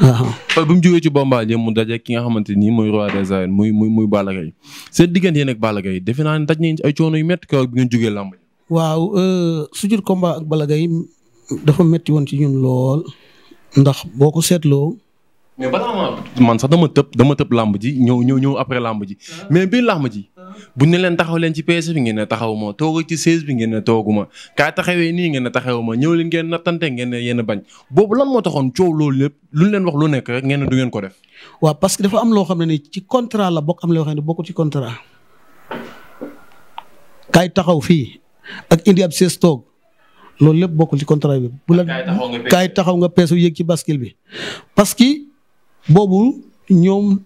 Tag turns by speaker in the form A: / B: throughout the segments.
A: bu mu jógee ci Bombardier mu daje ki nga xamante ni mooy roi des arènes muy muy muy Balla Gaye seen diggante yéen ak Balla Gaye defe naa ne daj nañ ay coono yu métti kaw bi ngeen jógee làmb.
B: waaw euh, sujur combat ak Balla Gaye dafa métti woon ci ñun lool ndax boo ko seetloo.
A: mais balaa man sax dama tëb dama tëb làmb ji ñëw ñëw ñëw après làmb ji ah. mais bi bii ma ji. buñ ne leen taxawleen ci PS bi ngeen ne taxaw ma toog ci siège bi ngeen ne toogu ma kaa taxawee nii ngeen ne taxawu ma ñëw leen ngeen nattante ngeen ne yéen
B: bañ boobu lan moo taxoon coow loolu lépp lu leen wax lu nekk rek ngeen ne du ngeen ko def. waaw parce que dafa am loo xam ne ni ci contrat la bokk am loo xam ne bokkul ci contrat kaay taxaw fii ak indi ab siège toog loolu lépp bokkul ci contrat bi. bu la kaay taxaw nga peesu yéeg ci bascule bi parce que boobu ñoom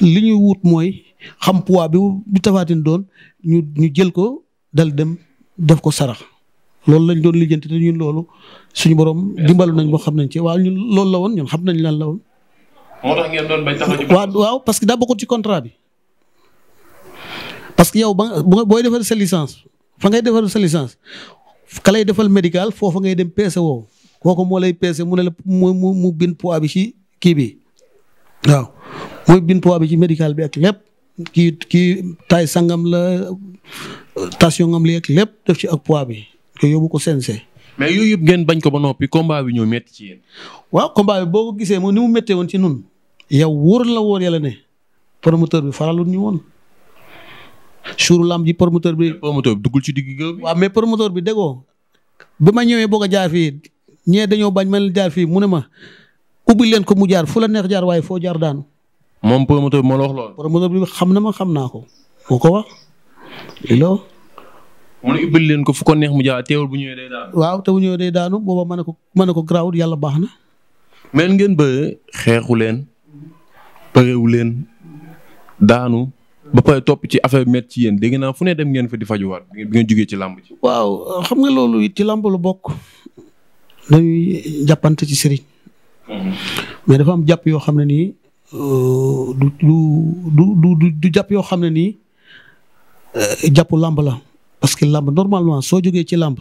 B: li ñuy wut mooy. xam poids bi bi tafaatin doon ñu ñu jël ko dal dem def ko sarax loolu lañ doon lijjanti te ñun loolu suñu borom dimbalu nañ boo xam nañ ci waaw ñun loolu la woon ñun xam nañ lan la waaw parce que daa bokkut ci contrat bi. parce que yow ba booy defal sa licence fa ngay defal sa licence ka lay defal médical foofu ngay dem peese woo kooku moo lay peese mu ne la mu mu mu bind poids bi ci kii bi waaw mooy bind poids bi ci médical bi ak lépp. kii kii taay sangam la tension am léeg lépp def ci ak poids bi ko yóbbu ko sensé. mais yooyu yëpp ngeen bañ ko ba noppi combat bi ñoo métti ci yéen. waaw combat bi boo ko gisee moom ni mu méttee woon ci nun yow wóor la wóor yàlla ne promoteur bi faralul ñu woon. suuru lamb ji promoteur bi. promoteur bi duggul ci digg géew bi. promoteur bi déggoo ba ma ñëwee boog a jaar fii ñee dañoo bañ ma leen jaar fii mu ne ma ubbi leen ko mu jaar fu la neex jaar waaye foo jaar daanu.
A: moom promoteur bi moo la
B: wax loolu. promoteur bi xam na ma xam naa ko.
A: moo ko wax. loolu. mu ne ubbil leen ko fu ko neex mu jaa teewul bu ñëwee day
B: daanu. daanu booba mën na ko mën na ko garaawul yàlla baax na.
A: mais ngeen bëre xeexu leen bërewu leen daanu ba pare topp ci affaire met ci yéen dégg naa fu ne dem ngeen fa di fajuwaat
B: bi ngeen jógee ci làmb ji. waaw xam nga loolu ci làmb lu bokk. dañuy jàppante ci sëriñ. Mhm. mais dafa jàpp yoo xam ne nii. Euh, du du du du jàpp yoo xam ne nii euh, jàppu làmb la parce que làmb normalement soo jógee ci làmb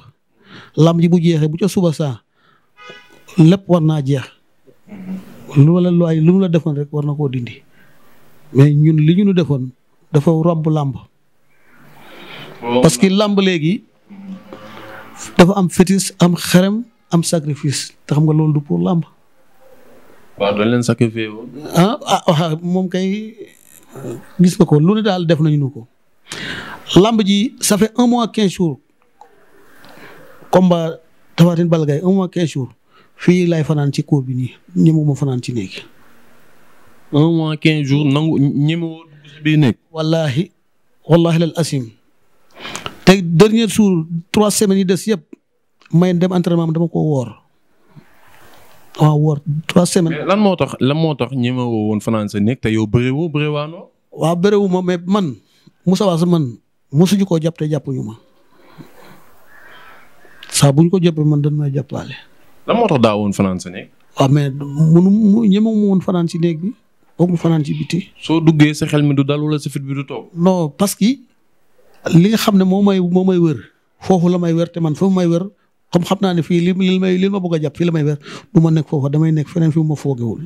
B: làmb ji bu jeexee bu ca suba saa lépp war naa jeex lu la lu mu la defoon rek war na koo dindi mais ñun li ñu nu defoon dafa romb làmb parce que làmb léegi dafa am fétiche am xerem am sacrifice te xam nga loolu du pour làmb
A: waaw dañ leen sacrifié woon.
B: Ah, ah, ah, moom kay gis nga ko lu ne daal def nañu nu ko. lamb ji ça fait un mois quinze jours combat Tapha Tine un mois quinze jours fii lay fanaan ci kóob bi nii ñemewuma fanaan ci néeg.
A: un mois quinze jours
B: nangu ñemewoo dugg ci biir néeg. wallaahi wallaahi lal asim te dernier jour trois semaines yi des yëpp may dem entraînement dama ko woor. waaw
A: lan moo tax lan moo tax ñemewoo woon fanaan sa néeg te yow
B: bëriwoo bëriwaanoo. waaw bëriwu ma mais man Moussa man mosuñu koo jàpp te jàppuñu buñ ko jàppee man dañ may jàppale. lan moo tax daa woon fanaan munu mu woon fanaan si néeg bi foog fanaan si biti.
A: soo duggee sa xel mi du dal wala sa fit bi du toog.
B: non parce que li nga xam ne moo may moo may foofu la may wër te man foofu may wër. xam-xam naa ne fii li li may li ma bëgg a jàpp fii la may weer du ma nekk foofa damay nekk feneen fi mu ma foogewul